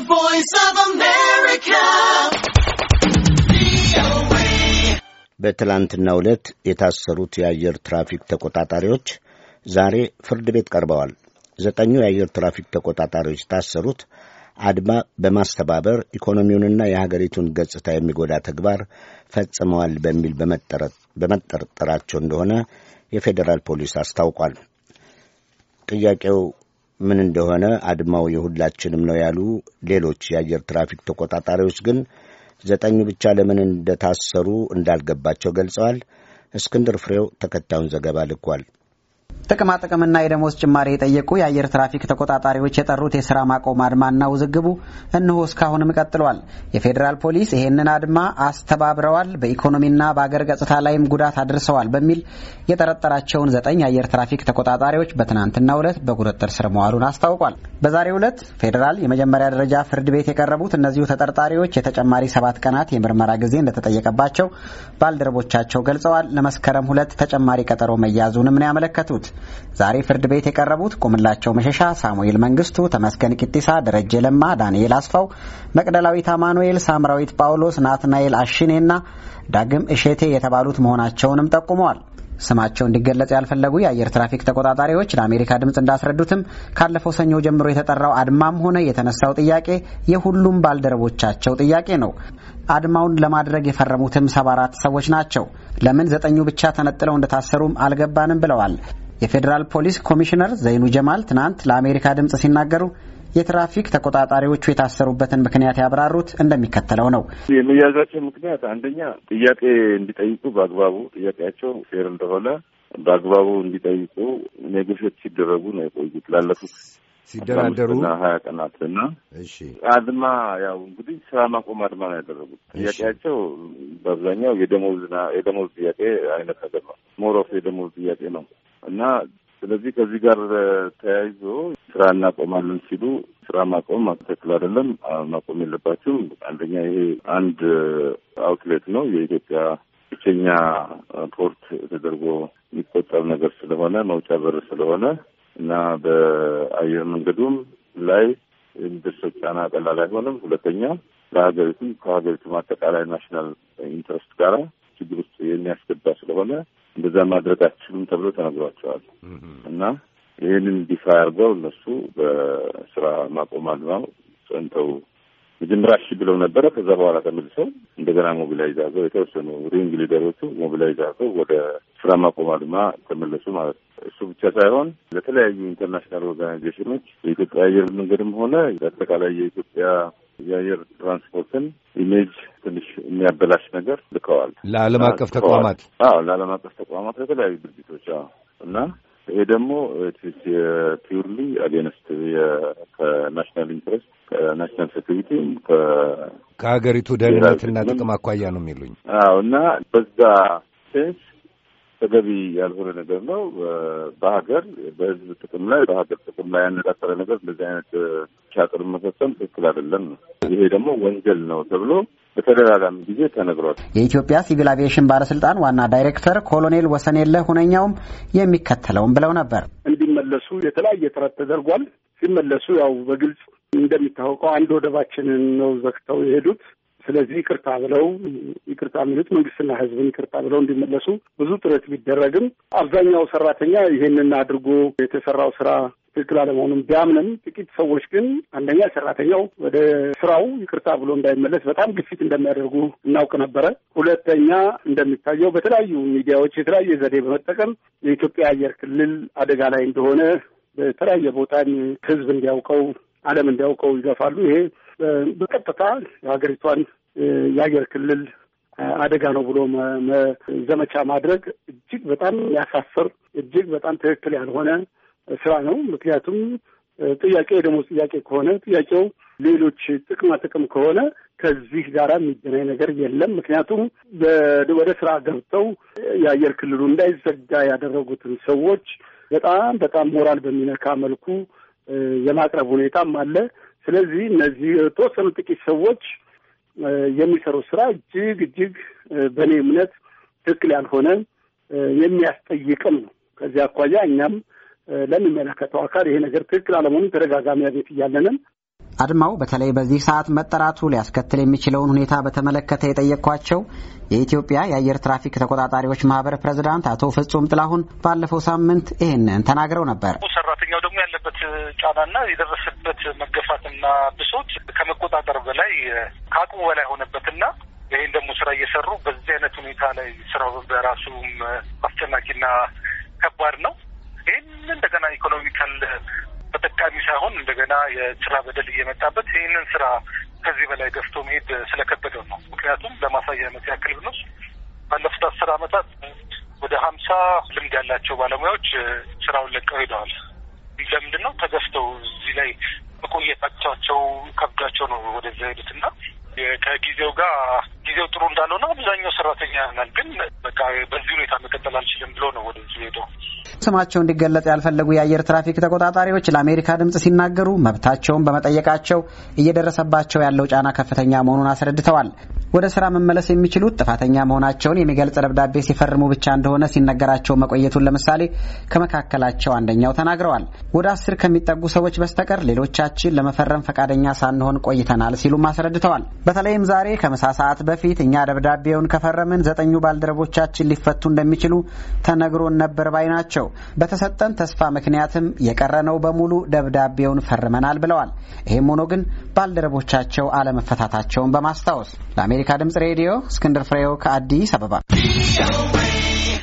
The Voice of America. በትላንትናው ዕለት የታሰሩት የአየር ትራፊክ ተቆጣጣሪዎች ዛሬ ፍርድ ቤት ቀርበዋል። ዘጠኙ የአየር ትራፊክ ተቆጣጣሪዎች የታሰሩት አድማ በማስተባበር ኢኮኖሚውንና የሀገሪቱን ገጽታ የሚጎዳ ተግባር ፈጽመዋል በሚል በመጠርጠራቸው እንደሆነ የፌዴራል ፖሊስ አስታውቋል። ጥያቄው ምን እንደሆነ አድማው የሁላችንም ነው ያሉ ሌሎች የአየር ትራፊክ ተቆጣጣሪዎች ግን ዘጠኙ ብቻ ለምን እንደታሰሩ እንዳልገባቸው ገልጸዋል። እስክንድር ፍሬው ተከታዩን ዘገባ ልኳል። ጥቅማጥቅምና የደሞዝ ጭማሪ የጠየቁ የአየር ትራፊክ ተቆጣጣሪዎች የጠሩት የስራ ማቆም አድማና ውዝግቡ እነሆ እስካሁንም ቀጥሏል። የፌዴራል ፖሊስ ይህንን አድማ አስተባብረዋል፣ በኢኮኖሚና በአገር ገጽታ ላይም ጉዳት አድርሰዋል በሚል የጠረጠራቸውን ዘጠኝ የአየር ትራፊክ ተቆጣጣሪዎች በትናንትናው ዕለት በቁጥጥር ስር መዋሉን አስታውቋል። በዛሬው ዕለት ፌዴራል የመጀመሪያ ደረጃ ፍርድ ቤት የቀረቡት እነዚሁ ተጠርጣሪዎች የተጨማሪ ሰባት ቀናት የምርመራ ጊዜ እንደተጠየቀባቸው ባልደረቦቻቸው ገልጸዋል። ለመስከረም ሁለት ተጨማሪ ቀጠሮ መያዙንም ነው ያመለከቱት። ዛሬ ፍርድ ቤት የቀረቡት ቁምላቸው መሸሻ፣ ሳሙኤል መንግስቱ፣ ተመስገን ቂጢሳ፣ ደረጀ ለማ፣ ዳንኤል አስፋው፣ መቅደላዊት አማኑኤል፣ ሳምራዊት ጳውሎስ፣ ናትናኤል አሽኔና ዳግም እሼቴ የተባሉት መሆናቸውንም ጠቁመዋል። ስማቸው እንዲገለጽ ያልፈለጉ የአየር ትራፊክ ተቆጣጣሪዎች ለአሜሪካ ድምፅ እንዳስረዱትም ካለፈው ሰኞ ጀምሮ የተጠራው አድማም ሆነ የተነሳው ጥያቄ የሁሉም ባልደረቦቻቸው ጥያቄ ነው። አድማውን ለማድረግ የፈረሙትም ሰባ አራት ሰዎች ናቸው። ለምን ዘጠኙ ብቻ ተነጥለው እንደታሰሩም አልገባንም ብለዋል። የፌዴራል ፖሊስ ኮሚሽነር ዘይኑ ጀማል ትናንት ለአሜሪካ ድምፅ ሲናገሩ የትራፊክ ተቆጣጣሪዎቹ የታሰሩበትን ምክንያት ያብራሩት እንደሚከተለው ነው። የመያዛቸው ምክንያት አንደኛ ጥያቄ እንዲጠይቁ በአግባቡ ጥያቄያቸው ፌር እንደሆነ በአግባቡ እንዲጠይቁ ኔግሽት ሲደረጉ ነው የቆዩት ላለፉት ሲደራደሩ ሀያ ቀናት እና እሺ አድማ ያው እንግዲህ ስራ ማቆም አድማ ነው ያደረጉት። ጥያቄያቸው በአብዛኛው የደሞዝና የደሞዝ ጥያቄ አይነት ነገር ነው። ሞሮፍ የደሞዝ ጥያቄ ነው። እና ስለዚህ ከዚህ ጋር ተያይዞ ስራ እናቆማለን ሲሉ ስራ ማቆም ትክክል አይደለም፣ ማቆም የለባቸውም። አንደኛ ይሄ አንድ አውትሌት ነው የኢትዮጵያ ብቸኛ ፖርት ተደርጎ የሚቆጠር ነገር ስለሆነ መውጫ በር ስለሆነ እና በአየር መንገዱም ላይ የሚደርሰው ጫና ቀላል አይሆንም። ሁለተኛ ለሀገሪቱም ከሀገሪቱም አጠቃላይ ናሽናል ኢንትረስት ጋራ ችግር ውስጥ የሚያስገባ ስለሆነ እንደዛ ማድረግ አትችሉም ተብሎ ተነግሯቸዋል እና ይህንን ዲፋ አድርገው እነሱ በስራ ማቆም አድማው ጸንተው መጀመሪያ እሺ ብለው ነበረ። ከዛ በኋላ ተመልሰው እንደገና ሞቢላይዝ አድርገው የተወሰኑ ሪንግ ሊደሮቹ ሞቢላይዝ አድርገው ወደ ስራ ማቆም አድማ ተመለሱ ማለት ነው። እሱ ብቻ ሳይሆን ለተለያዩ ኢንተርናሽናል ኦርጋናይዜሽኖች የኢትዮጵያ አየር መንገድም ሆነ አጠቃላይ የኢትዮጵያ የአየር ትራንስፖርትን ኢሜጅ ትንሽ የሚያበላሽ ነገር ልከዋል ለዓለም አቀፍ ተቋማት። አዎ ለዓለም አቀፍ ተቋማት ለተለያዩ ድርጅቶች እና ይሄ ደግሞ ፒውርሊ አጌንስት ከናሽናል ኢንትረስት ከናሽናል ሴኪሪቲ ከሀገሪቱ ደህንነትና ጥቅም አኳያ ነው የሚሉኝ። አዎ እና በዛ ሴንስ ተገቢ ያልሆነ ነገር ነው። በሀገር በህዝብ ጥቅም ላይ በሀገር ጥቅም ላይ ያነጣጠረ ነገር እንደዚህ አይነት አጥር መፈጸም ትክክል አይደለም ነው። ይሄ ደግሞ ወንጀል ነው ተብሎ በተደጋጋሚ ጊዜ ተነግሯል። የኢትዮጵያ ሲቪል አቪዬሽን ባለስልጣን ዋና ዳይሬክተር ኮሎኔል ወሰንየለህ ሁነኛውም የሚከተለውም ብለው ነበር። እንዲመለሱ የተለያየ ጥረት ተደርጓል። ሲመለሱ ያው በግልጽ እንደሚታወቀው አንድ ወደባችንን ነው ዘግተው የሄዱት። ስለዚህ ይቅርታ ብለው ይቅርታ የሚሉት መንግስትና ሕዝብን ይቅርታ ብለው እንዲመለሱ ብዙ ጥረት ቢደረግም አብዛኛው ሰራተኛ ይሄንን አድርጎ የተሰራው ስራ ትክክል አለመሆኑን ቢያምንም ጥቂት ሰዎች ግን አንደኛ ሰራተኛው ወደ ስራው ይቅርታ ብሎ እንዳይመለስ በጣም ግፊት እንደሚያደርጉ እናውቅ ነበረ። ሁለተኛ እንደሚታየው በተለያዩ ሚዲያዎች የተለያየ ዘዴ በመጠቀም የኢትዮጵያ አየር ክልል አደጋ ላይ እንደሆነ በተለያየ ቦታ ህዝብ እንዲያውቀው፣ ዓለም እንዲያውቀው ይገፋሉ። ይሄ በቀጥታ የሀገሪቷን የአየር ክልል አደጋ ነው ብሎ ዘመቻ ማድረግ እጅግ በጣም ያሳፍር፣ እጅግ በጣም ትክክል ያልሆነ ስራ ነው። ምክንያቱም ጥያቄ የደሞዝ ጥያቄ ከሆነ ጥያቄው ሌሎች ጥቅማ ጥቅም ከሆነ ከዚህ ጋር የሚገናኝ ነገር የለም። ምክንያቱም ወደ ስራ ገብተው የአየር ክልሉ እንዳይዘጋ ያደረጉትን ሰዎች በጣም በጣም ሞራል በሚነካ መልኩ የማቅረብ ሁኔታም አለ። ስለዚህ እነዚህ የተወሰኑ ጥቂት ሰዎች የሚሰሩት ስራ እጅግ እጅግ በእኔ እምነት ትክክል ያልሆነ የሚያስጠይቅም ነው። ከዚህ አኳያ እኛም ለሚመለከተው አካል ይሄ ነገር ትክክል አለመሆኑን ተደጋጋሚ አቤት እያለንም። አድማው በተለይ በዚህ ሰዓት መጠራቱ ሊያስከትል የሚችለውን ሁኔታ በተመለከተ የጠየቅኳቸው የኢትዮጵያ የአየር ትራፊክ ተቆጣጣሪዎች ማህበር ፕሬዝዳንት አቶ ፍጹም ጥላሁን ባለፈው ሳምንት ይህንን ተናግረው ነበር። ሰራተኛው ደግሞ ያለበት ጫናና የደረሰበት መገፋትና ብሶት ከመቆጣጠር በላይ ከአቅሙ በላይ ሆነበትና ይህን ደግሞ ስራ እየሰሩ በዚህ አይነት ሁኔታ ላይ ስራው በራሱም አስጨናቂና ከባድ ነው። ይህንን እንደገና ኢኮኖሚካል ተጠቃሚ ሳይሆን እንደገና የስራ በደል እየመጣበት ይህንን ስራ ከዚህ በላይ ገፍቶ መሄድ ስለከበደው ነው። ምክንያቱም ለማሳያነት ያክል ብንወስድ ባለፉት አስር አመታት ወደ ሀምሳ ልምድ ያላቸው ባለሙያዎች ስራውን ለቀው ሄደዋል። ለምንድን ነው ተገፍተው እዚህ ላይ መቆየታቸው ከብዷቸው ነው ወደዚያ ሄዱት እና ከጊዜው ጋር ጊዜው ጥሩ እንዳልሆነ አብዛኛው ሰራተኛ ያናል። ግን በቃ በዚህ ሁኔታ መቀጠል አልችልም ብሎ ነው ወደዚህ ሄዶ ስማቸው እንዲገለጽ ያልፈለጉ የአየር ትራፊክ ተቆጣጣሪዎች ለአሜሪካ ድምጽ ሲናገሩ መብታቸውን በመጠየቃቸው እየደረሰባቸው ያለው ጫና ከፍተኛ መሆኑን አስረድተዋል። ወደ ስራ መመለስ የሚችሉት ጥፋተኛ መሆናቸውን የሚገልጽ ደብዳቤ ሲፈርሙ ብቻ እንደሆነ ሲነገራቸው መቆየቱን ለምሳሌ ከመካከላቸው አንደኛው ተናግረዋል። ወደ አስር ከሚጠጉ ሰዎች በስተቀር ሌሎቻችን ለመፈረም ፈቃደኛ ሳንሆን ቆይተናል ሲሉም አስረድተዋል። በተለይም ዛሬ ከምሳ ሰዓት በፊት በፊት እኛ ደብዳቤውን ከፈረምን ዘጠኙ ባልደረቦቻችን ሊፈቱ እንደሚችሉ ተነግሮን ነበር ባይ ናቸው። በተሰጠን ተስፋ ምክንያትም የቀረነው በሙሉ ደብዳቤውን ፈርመናል ብለዋል። ይህም ሆኖ ግን ባልደረቦቻቸው አለመፈታታቸውን በማስታወስ ለአሜሪካ ድምጽ ሬዲዮ እስክንድር ፍሬው ከአዲስ አበባ